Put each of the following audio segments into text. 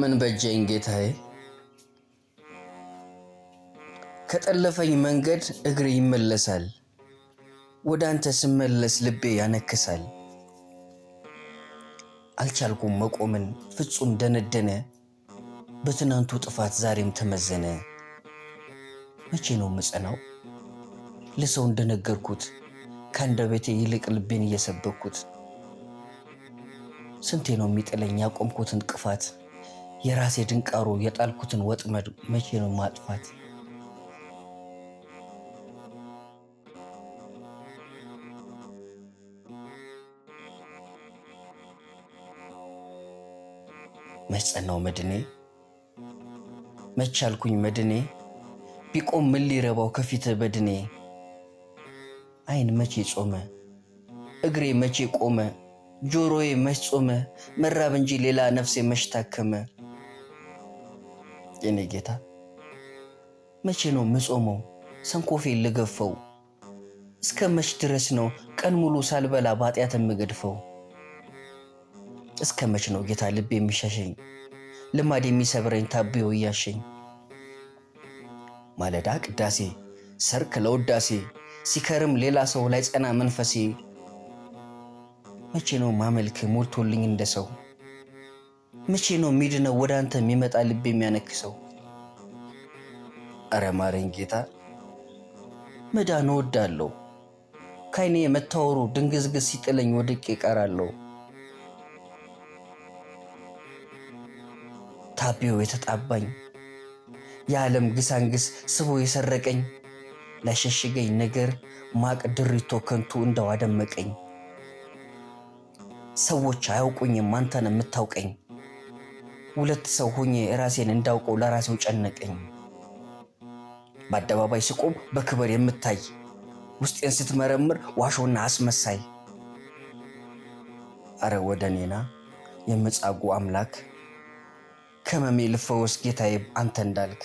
ምን በጀኝ ጌታዬ፣ ከጠለፈኝ መንገድ እግር ይመለሳል፣ ወደ አንተ ስመለስ ልቤ ያነክሳል። አልቻልኩም መቆምን ፍጹም ደነደነ፣ በትናንቱ ጥፋት ዛሬም ተመዘነ። መቼ ነው ምጸናው ለሰው እንደነገርኩት ከአንደበቴ ይልቅ ልቤን እየሰበኩት ስንቴ ነው የሚጥለኝ ያቆምኩት እንቅፋት የራሴ ድንቃሮ የጣልኩትን ወጥመድ መቼ ነው ማጥፋት? መጸናው መድኔ መቻልኩኝ መድኔ ቢቆም ምን ሊረባው ከፊት በድኔ አይን መቼ ጾመ እግሬ መቼ ቆመ ጆሮዬ መች ጾመ መራብ እንጂ ሌላ ነፍሴ መች ታከመ? የኔ ጌታ መቼ ነው ምጾመው? ሰንኮፌ ልገፈው? እስከ መች ድረስ ነው ቀን ሙሉ ሳልበላ በኃጢአት የምገድፈው? እስከ መች ነው ጌታ ልብ የሚሻሸኝ ልማድ የሚሰብረኝ ታብዮ እያሸኝ? ማለዳ ቅዳሴ ሰርክ ለውዳሴ ሲከርም ሌላ ሰው ላይ ጸና መንፈሴ መቼ ነው ማመልክ ሞልቶልኝ እንደ ሰው መቼ ነው የሚድነው ወደ አንተ የሚመጣ ልብ የሚያነክሰው? እረ ማረኝ ጌታ፣ መዳን እወዳለሁ። ከአይኔ የመታወሩ ድንግዝግዝ ሲጥለኝ ወድቄ እቀራለሁ። ታቢው የተጣባኝ የዓለም ግሳንግስ ስቦ የሰረቀኝ ላሸሽገኝ ነገር ማቅ ድሪቶ ከንቱ እንደው አደመቀኝ። ሰዎች አያውቁኝም አንተን የምታውቀኝ ሁለት ሰው ሆኜ ራሴን እንዳውቀው ለራሴው ጨነቀኝ። በአደባባይ ስቆም በክብር የምታይ ውስጤን ስትመረምር ዋሾና አስመሳይ። አረ ወደ እኔና የምጻጉ አምላክ ከመሜ ልፈወስ ጌታዬ አንተ እንዳልክ።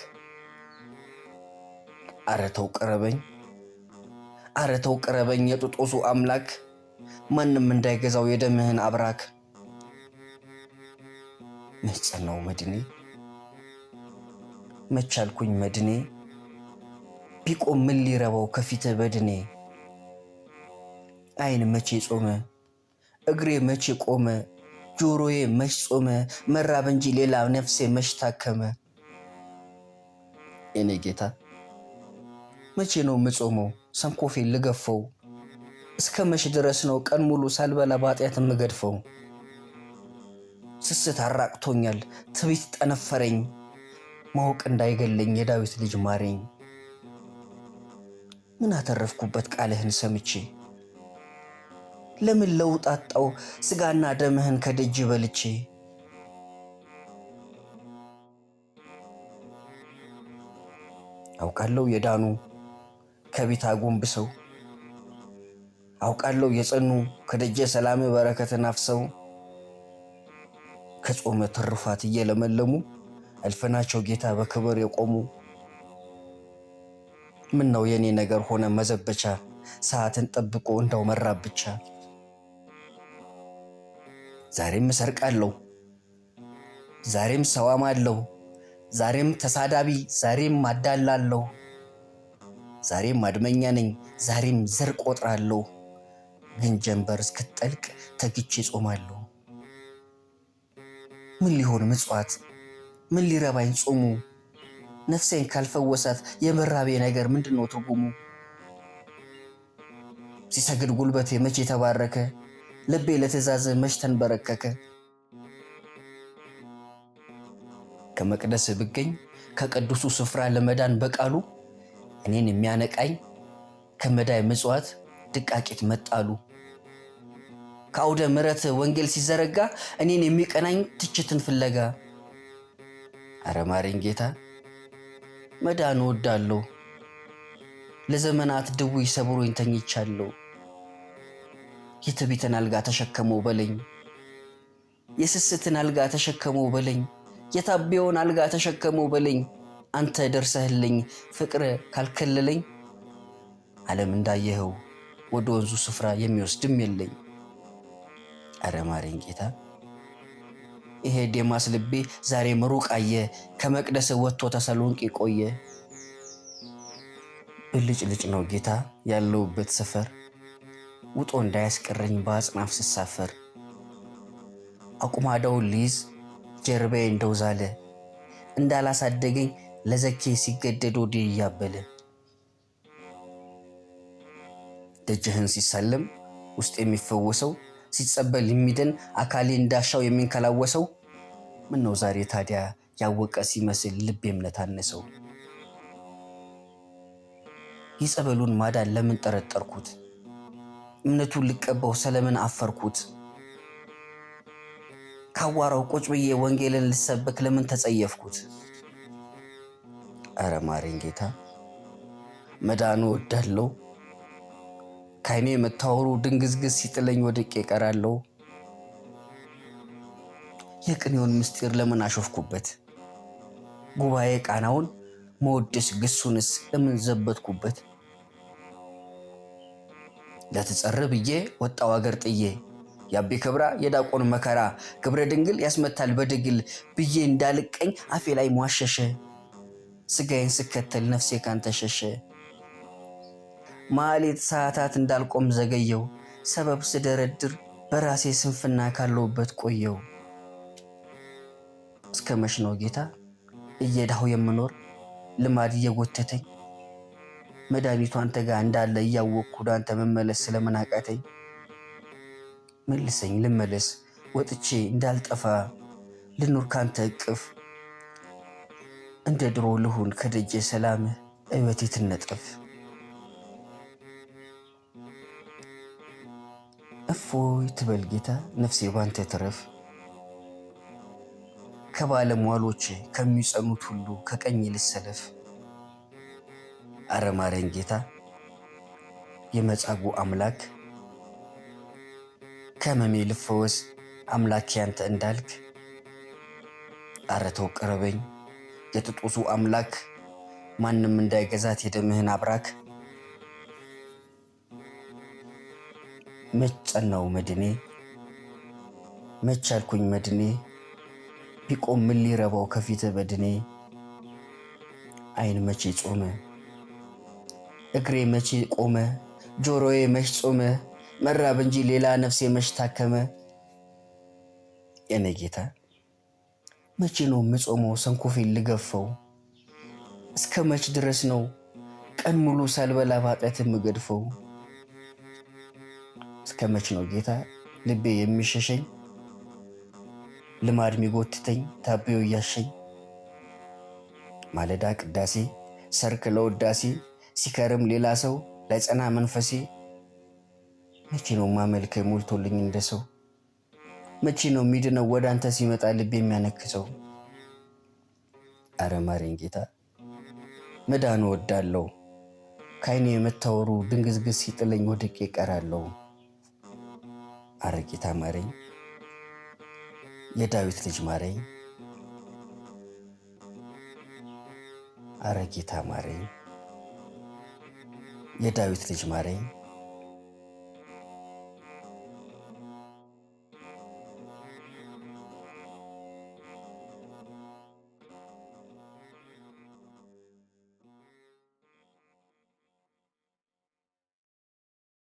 አረ ተው ቅረበኝ፣ አረ ተው ቅረበኝ የጡጦሱ አምላክ ማንም እንዳይገዛው የደምህን አብራክ ነው መድኔ መቻልኩኝ መድኔ ቢቆም ምን ሊረባው ከፊት በድኔ አይን መቼ ጾመ እግሬ መቼ ቆመ ጆሮዬ መች ጾመ መራብ እንጂ ሌላ ነፍሴ መች ታከመ። የኔ ጌታ መቼ ነው ምጾመው ሰንኮፌ ልገፈው እስከ መች ድረስ ነው ቀን ሙሉ ሳልበላ በኃጢአት የምገድፈው? ስስት አራቅቶኛል፣ ትቢት ጠነፈረኝ፣ ማወቅ እንዳይገለኝ የዳዊት ልጅ ማረኝ። ምን አተረፍኩበት ቃልህን ሰምቼ? ለምን ለውጥ አጣው ስጋና ደምህን ከደጅ በልቼ? አውቃለሁ የዳኑ ከቤት አጎንብሰው አውቃለሁ የጸኑ ከደጀ ሰላም በረከትን አፍሰው ከጾመ ትሩፋት እየለመለሙ እልፍናቸው ጌታ በክብር የቆሙ ምን ነው የኔ ነገር ሆነ መዘበቻ ሰዓትን ጠብቆ እንዳው መራ ብቻ ዛሬም እሰርቃለሁ፣ ዛሬም ሰዋማለሁ፣ ዛሬም ተሳዳቢ፣ ዛሬም አዳላለሁ፣ ዛሬም አድመኛ ነኝ፣ ዛሬም ዘር ቆጥራለሁ። ግን ጀንበር እስክጠልቅ ተግቼ ጾማለሁ። ምን ሊሆን ምጽዋት፣ ምን ሊረባኝ ጾሙ? ነፍሴን ካልፈወሳት የመራቤ ነገር ምንድን ነው ትርጉሙ? ሲሰግድ ጉልበቴ መቼ የተባረከ፣ ልቤ ለትእዛዝ መች ተንበረከከ። ከመቅደስ ብገኝ ከቅዱሱ ስፍራ ለመዳን በቃሉ እኔን የሚያነቃኝ ከመዳይ ምጽዋት ድቃቂት መጣሉ ከአውደ ምረት ወንጌል ሲዘረጋ እኔን የሚቀናኝ ትችትን ፍለጋ አረ ማረኝ ጌታ መዳን እወዳለሁ። ለዘመናት ድውይ ሰብሮኝ ተኝቻለሁ። የትዕቢትን አልጋ ተሸከመው በለኝ፣ የስስትን አልጋ ተሸከመው በለኝ፣ የታቢውን አልጋ ተሸከመው በለኝ። አንተ ደርሰህልኝ ፍቅር ካልከለለኝ ዓለም እንዳየኸው ወደ ወንዙ ስፍራ የሚወስድም የለኝ። ኧረ ማረኝ ጌታ። ይሄ ዴማስ ልቤ ዛሬ ምሩቅ አየ፣ ከመቅደስ ወጥቶ ተሰሎንቄ ቆየ። ብልጭልጭ ነው ጌታ ያለውበት ሰፈር፣ ውጦ እንዳያስቀረኝ በአጽናፍ ስሳፈር። አቁማዳውን ልይዝ ጀርባዬ እንደውዛለ እንዳላሳደገኝ ለዘኬ ሲገደድ ወዲ እያበለ ደጅህን ሲሳለም ውስጥ የሚፈወሰው ሲጸበል የሚድን አካሌ እንዳሻው የሚንከላወሰው ምን ነው ዛሬ ታዲያ ያወቀ ሲመስል ልብ እምነት አነሰው። የጸበሉን ማዳን ለምን ጠረጠርኩት? እምነቱን ልቀባው ስለምን አፈርኩት? ካዋራው ቁጭ ብዬ ወንጌልን ልሰበክ ለምን ተጸየፍኩት? አረ ማረኝ ጌታ መዳኑ ወዳለው ከእኔ የምታወሩ ድንግዝግዝ ሲጥለኝ ወድቄ እቀራለሁ። የቅኔውን ምስጢር ለምን አሾፍኩበት? ጉባኤ ቃናውን መወደስ ግሱንስ ለምን ዘበትኩበት? ለተጸር ብዬ ወጣው አገር ጥዬ የአቤ ክብራ የዳቆን መከራ ግብረ ድንግል ያስመታል በድግል ብዬ እንዳልቀኝ አፌ ላይ ሟሸሸ ስጋዬን ስከተል ነፍሴ ካንተ ሸሸ። ማሌት ሰዓታት እንዳልቆም ዘገየው። ሰበብ ስደረድር በራሴ ስንፍና ካለውበት ቆየው። እስከ መሽ ነው ጌታ እየዳሁ የምኖር ልማድ እየጎተተኝ መድኃኒቱ አንተ ጋር እንዳለ እያወቅኩ ወደ አንተ መመለስ ስለምን አቃተኝ? መልሰኝ ልመለስ ወጥቼ እንዳልጠፋ ልኑር ካንተ እቅፍ እንደ ድሮ ልሁን ከደጀ ሰላምህ ሕይወቴ ትነጠፍ። እፎይ ትበል ጌታ ነፍሴ ባንተ ትረፍ። ከባለሟሎች ከሚጸኑት ሁሉ ከቀኝ ልሰለፍ። አረማረን ጌታ የመጻጉ አምላክ ከመሜ ልፈወስ አምላክ ያንተ እንዳልክ። አረተው ቀረበኝ የጥጡሱ አምላክ ማንም እንዳይገዛት የደምህን አብራክ መጨናው መድኔ መቻልኩኝ መድኔ ቢቆም ምን ሊረባው ከፊት በድኔ አይን መቼ ጾመ እግሬ መቼ ቆመ ጆሮዬ መች ጾመ መራብ እንጂ ሌላ ነፍሴ መች ታከመ የኔ ጌታ መቼ ነው ምጾመው ሰንኮፌን ልገፈው እስከ መች ድረስ ነው ቀን ሙሉ ሳልበላ ባቀት የምገድፈው እስከ መች ነው ጌታ ልቤ የሚሸሸኝ? ልማድ ሚጎትተኝ ታብዮ እያሸኝ ማለዳ ቅዳሴ ሰርክ ለውዳሴ ሲከርም ሌላ ሰው ለጸና መንፈሴ መቼ ነው ማመልከ ሞልቶልኝ እንደ ሰው መቼ ነው የሚድነው ወደ አንተ ሲመጣ ልቤ የሚያነክሰው? አረ ማረኝ ጌታ መዳን ወዳለው ከአይኔ የመታወሩ ድንግዝግዝ ሲጥለኝ ወድቄ ይቀራለው። አረጌታ ማረኝ፣ የዳዊት ልጅ ማረኝ፣ አረቂታ ማረኝ፣ የዳዊት ልጅ ማረኝ አረጌታ ማረኝ የዳዊት ልጅ ማረኝ